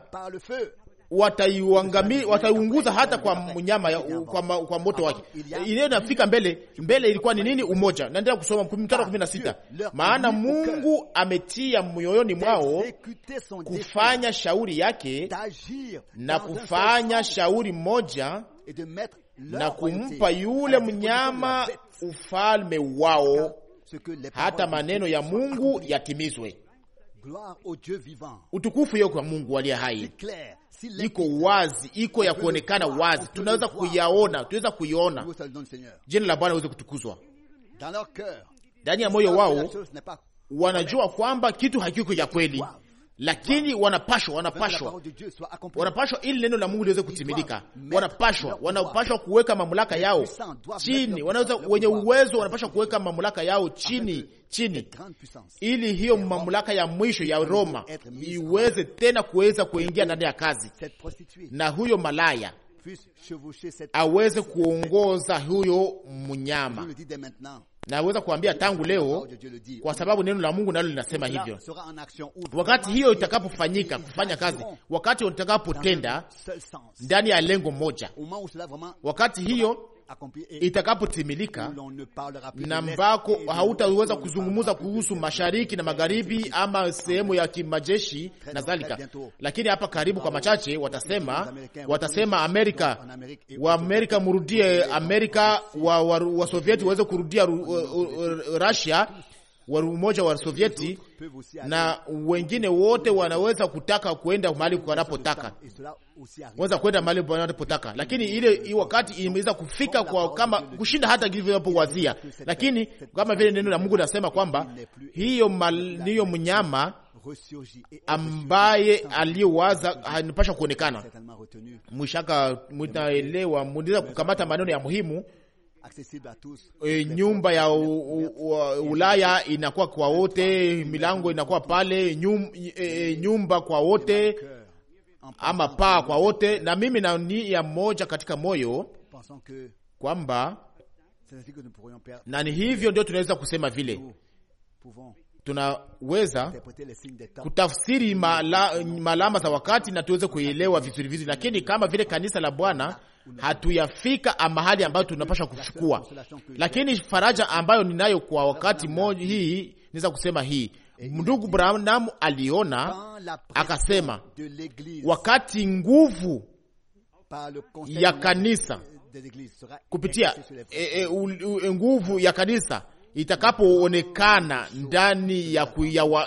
Speaker 1: wataiunguza wataiunguza hata kwa mnyama kwa, ma, kwa moto wake. Ile inafika mbele mbele ilikuwa ni nini? Umoja. Naendelea kusoma mstari wa 16, maana Mungu ametia moyoni mwao kufanya shauri yake na kufanya shauri moja na kumpa yule mnyama ufalme wao hata maneno ya Mungu yatimizwe. Utukufu yoko kwa Mungu aliye hai iko wazi, iko ya kuonekana wazi, tunaweza kuyaona, tunaweza kuiona. Jina la Bwana aweze kutukuzwa. Ndani ya moyo wao wanajua kwamba kitu hakiko ya kweli, lakini wanapashwa wanapashwa wanapashwa ili neno la Mungu liweze kutimilika, wanapashwa wanapashwa kuweka mamlaka yao chini, wanaweza wenye uwezo wanapashwa kuweka mamlaka yao chini chini, ili hiyo mamlaka ya mwisho ya Roma iweze tena kuweza kuingia ndani ya kazi, na huyo malaya aweze kuongoza huyo mnyama naweza kuambia tangu leo, kwa sababu neno la Mungu nalo linasema hivyo. Wakati hiyo itakapofanyika kufanya kazi, wakati utakapotenda
Speaker 2: ndani ya lengo
Speaker 1: moja, wakati hiyo itakapotimilika na mbako hautaweza kuzungumza kuhusu mashariki na magharibi, ama sehemu ya kimajeshi na zalika. Lakini hapa karibu kwa machache watasema, watasema Amerika wa Amerika murudie Amerika, wa Wasovieti waweze kurudia Russia umoja wa Sovieti na wengine wote wanaweza kutaka kuenda mahali wanapotaka, waweza kwenda mahali wanapotaka, lakini ile wakati imeweza kufika kwa kama kushinda hata vinavyowazia. Lakini kama vile neno la Mungu nasema kwamba hiyo niyo mnyama ambaye aliyowaza hanipasha kuonekana mwishaka. Mtaelewa, mnaweza kukamata maneno ya muhimu E, nyumba ya u, u, u, Ulaya inakuwa kwa wote, milango inakuwa pale nyum, e, e nyumba kwa wote ama paa kwa wote, na mimi na nia moja katika moyo kwamba na ni hivyo ndio tunaweza kusema vile tunaweza kutafsiri mala, malama za wakati na tuweze kuelewa vizuri vizuri, lakini kama vile kanisa la Bwana hatuyafika mahali ambayo tunapasha kuchukua. Lakini faraja ambayo ninayo kwa wakati moja hii, naweza kusema hii Ndugu Branham aliona akasema, wakati nguvu
Speaker 2: ya kanisa
Speaker 1: kupitia e, e, u, u, nguvu ya kanisa itakapoonekana ndani ya kuyawa,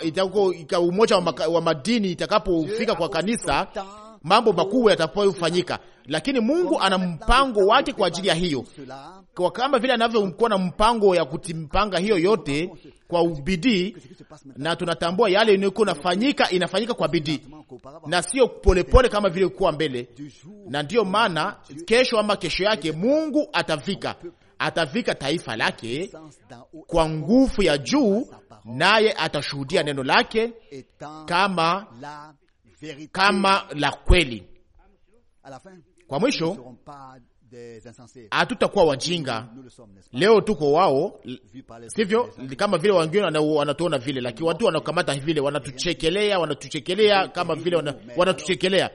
Speaker 1: umoja wa, maka, wa madini itakapofika kwa kanisa, mambo makubwa yatapofanyika. Lakini Mungu ana mpango wake kwa ajili ya hiyo, kwa kama vile anavyokuwa na mpango ya kutimpanga hiyo yote kwa bidii, na tunatambua yale inayokuwa inafanyika, inafanyika kwa bidii na sio polepole kama vile kuwa mbele, na ndiyo maana kesho ama kesho yake Mungu atafika atavika taifa lake kwa nguvu ya juu, naye atashuhudia neno lake kama kama la kweli.
Speaker 2: Kwa mwisho hatutakuwa wajinga.
Speaker 1: Leo tuko wao, sivyo? Kama vile wengine wanatuona vile, lakini watu wanakamata vile, wanatuchekelea, wanatuchekelea kama vile wanatuchekelea,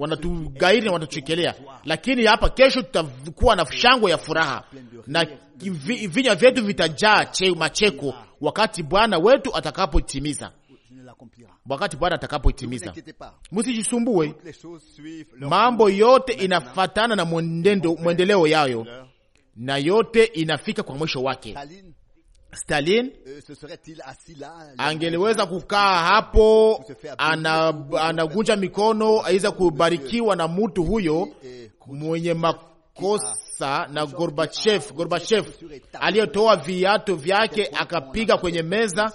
Speaker 1: wanatugairi na wanatuchekelea, lakini hapa kesho tutakuwa na shangwe ya furaha na vinywa vyetu vitajaa macheko wakati Bwana wetu atakapotimiza wakati Bwana atakapoitimiza. Msijisumbue, mambo yote inafatana na mwendeleo yayo, na yote inafika kwa mwisho wake. Stalin
Speaker 2: euh,
Speaker 1: angeliweza kukaa hapo anagunja mikono aweza kubarikiwa na mtu huyo eh, eh, mwenye eh, makosa na Gorbachev, Gorbachev aliyetoa viatu vyake akapiga kwenye meza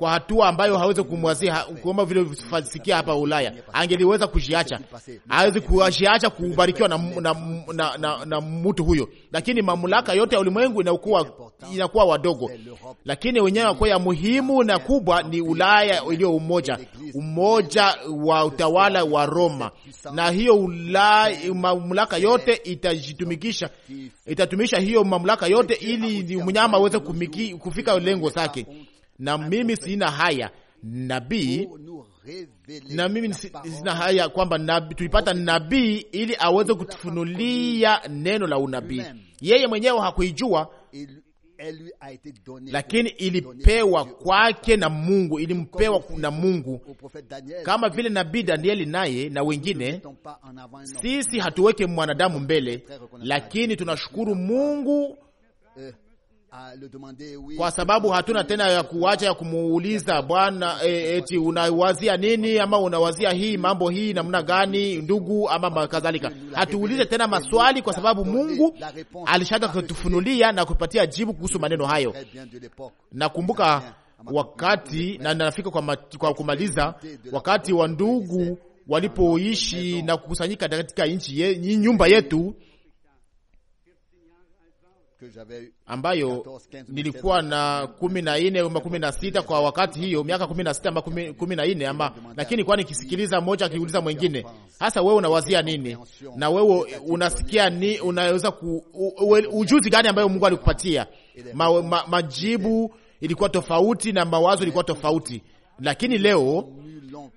Speaker 1: kwa hatua ambayo hawezi kumwazia kuomba vile vilivyofasikia hapa Ulaya, angeliweza kujiacha, hawezi kujiacha kubarikiwa na, na, na, na, na mtu huyo. Lakini mamlaka yote ya ulimwengu inakuwa inakuwa wadogo, lakini wenyewe wako ya muhimu na kubwa ni Ulaya iliyo umoja, umoja wa utawala wa Roma, na hiyo Ulaya mamlaka yote itajitumikisha, itatumisha hiyo mamlaka yote ili mnyama aweze kufika lengo zake na mimi sina haya nabii na mimi sina haya kwamba nabi, tuipata nabii ili aweze kutufunulia neno la unabii. Yeye mwenyewe hakuijua, lakini ilipewa kwake na Mungu, ilimpewa na Mungu, kama vile nabii Danieli naye na wengine. Sisi hatuweke mwanadamu mbele, lakini tunashukuru Mungu euh, kwa sababu hatuna tena ya kuwacha ya kumuuliza Bwana e, eti unawazia nini ama unawazia hii mambo hii namna gani ndugu, ama kadhalika. Hatuulize tena maswali, kwa sababu Mungu alishaka kutufunulia na kupatia jibu kuhusu maneno hayo. Nakumbuka wakati na nafika kwa, kwa kumaliza wakati wa ndugu walipoishi na kukusanyika katika nchi ye, nyumba yetu
Speaker 2: ambayo nilikuwa
Speaker 1: na kumi na nne ama kumi na sita kwa wakati hiyo, miaka kumi na sita ama kumi na nne ama, lakini kwa nikisikiliza mmoja akiuliza mwingine, hasa wewe unawazia nini na wewe unasikia ni unaweza ku, u, ujuzi gani ambayo Mungu alikupatia? ma, ma, majibu ilikuwa tofauti na mawazo ilikuwa tofauti, lakini leo,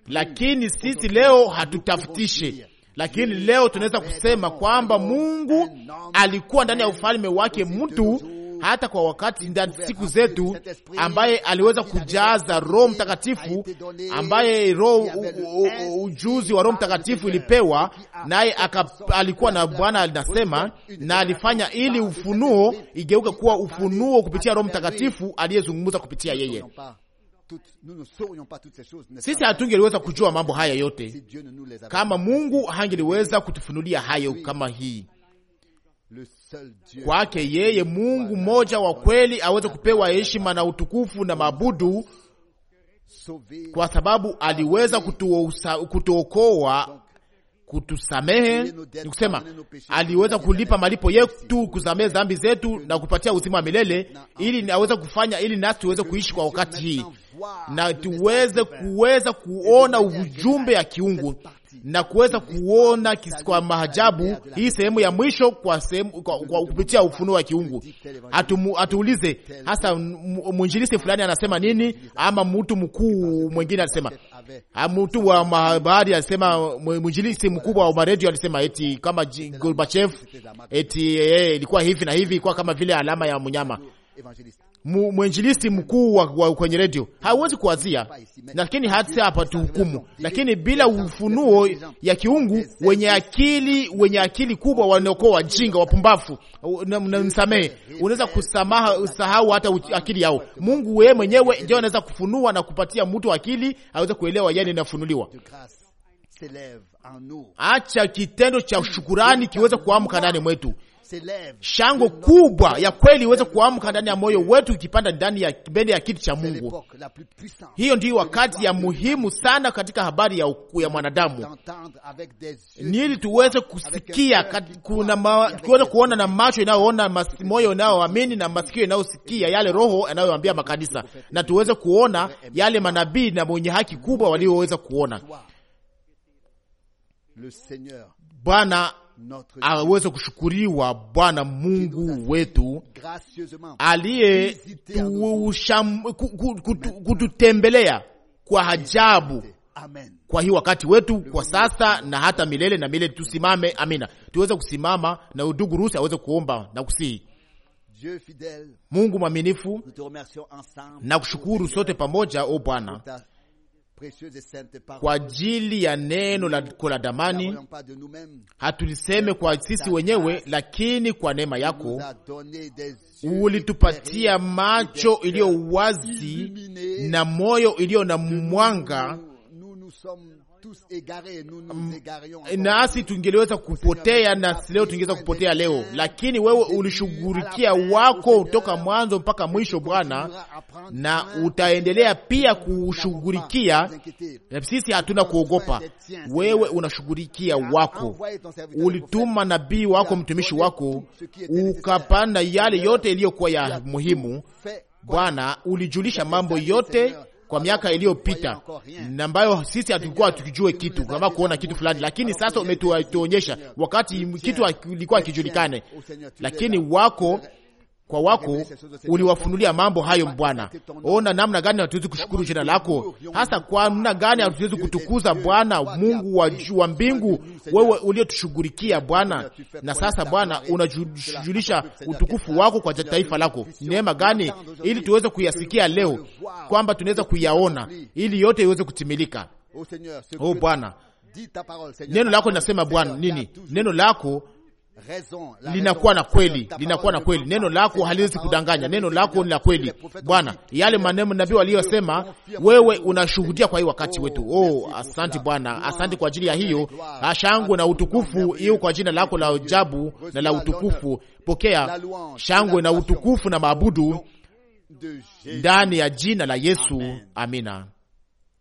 Speaker 1: lakini sisi leo hatutafutishe lakini leo tunaweza kusema kwamba Mungu alikuwa ndani ya ufalme wake mtu hata kwa wakati ndani siku zetu, ambaye aliweza kujaza Roho Mtakatifu, ambaye roho ujuzi wa Roho Mtakatifu ilipewa naye, alikuwa na Bwana alinasema na alifanya ili ufunuo igeuke kuwa ufunuo kupitia Roho Mtakatifu aliyezungumza kupitia yeye. Sisi hatungeliweza kujua mambo haya yote kama Mungu hangeliweza kutufunulia hayo kama hii. Kwake yeye Mungu mmoja wa kweli aweze kupewa heshima na utukufu na mabudu, kwa sababu aliweza kutuokoa kutusamehe, ni kusema aliweza kulipa malipo yetu, kusamehe dhambi zetu na kupatia uzima wa milele, ili aweze kufanya ili nasi tuweze kuishi kwa wakati hii na tuweze kuweza kuona ujumbe ya kiungu na kuweza kuona kwa maajabu hii sehemu ya mwisho kwa sehemu, kwa, kwa kupitia ufunuo wa kiungu. Atumu, atuulize hasa mwinjilisi fulani anasema nini, ama mtu mkuu mwingine anasema, ah, mtu wa mahabari alisema, mwinjilisi mkubwa wa maredio alisema eti kama Gorbachev eti eh, ilikuwa hivi na hivi, ilikuwa kama vile alama ya mnyama mwenjilisti mkuu wa, wa kwenye redio hawezi kuwazia, lakini hata hapa tuhukumu. Lakini bila ufunuo ya kiungu, wenye akili wenye akili kubwa wanaokoa wajinga wapumbafu msamehe unaweza kusamaha usahau hata akili yao. Mungu wewe mwenyewe ndio anaweza kufunua na kupatia mtu akili aweze kuelewa yani inafunuliwa. Acha kitendo cha shukurani kiweze kuamka ndani mwetu shango kubwa ya kweli iweze kuamka ndani ya moyo wetu, ikipanda ndani ya mbele ya kiti cha Mungu. Hiyo ndiyo wakati ya muhimu sana katika habari ya, ya mwanadamu, nili tuweze kusikia tuweze kuona na macho inayoona, moyo inayoamini na masikio inayosikia yale Roho anayoambia makanisa, na tuweze kuona yale manabii na mwenye haki kubwa walioweza kuona Bwana aweze kushukuriwa Bwana Mungu wetu aliye kututembelea kwa hajabu kwa hii wakati wetu kwa sasa na hata milele na milele. Tusimame, amina, tuweze kusimama na udugu rusi aweze kuomba na kusihi. Mungu mwaminifu, na kushukuru sote pamoja, o Bwana kwa ajili ya neno la la damani, hatuliseme kwa sisi wenyewe, lakini kwa neema yako ulitupatia macho iliyo wazi na moyo iliyo na mwanga
Speaker 2: Mm.
Speaker 1: nasi tungeliweza kupotea na leo tungeweza kupotea leo, lakini wewe ulishughulikia wako toka mwanzo mpaka mwisho, Bwana, na utaendelea pia kushughulikia. Eh, sisi hatuna kuogopa, wewe unashughulikia ah, wako. Ulituma nabii wako, mtumishi wako, ukapanda yale yote iliyokuwa ya muhimu. Bwana, ulijulisha mambo yote kwa miaka iliyopita na ambayo sisi hatukuwa tukijue kitu kama kuona kitu fulani, lakini sasa umetuonyesha wakati kitu kilikuwa kijulikane, lakini wako kwa wako uliwafunulia mambo hayo Bwana. Ona namna gani hatuwezi kushukuru jina lako, hasa kwa namna gani hatuwezi kutukuza Bwana Mungu wa, wa mbingu, wewe uliotushughulikia Bwana. Na sasa Bwana unajulisha utukufu wako kwa taifa lako. Neema gani ili tuweze kuyasikia leo kwamba tunaweza kuyaona, ili yote iweze kutimilika. O oh, oh, Bwana, neno lako linasema Bwana nini? Neno lako linakuwa na kweli, linakuwa na kweli. Neno lako haliwezi kudanganya, neno lako ni la kweli Bwana. Yale maneno nabii waliyosema, wewe unashuhudia kwa hii wakati wetu. Oh, oh asanti Bwana, asante kwa ajili ya hiyo. Shangwe na utukufu hiyo, kwa jina lako la ajabu na la utukufu. Pokea shangwe na utukufu na maabudu ndani ya jina la Yesu. Amina.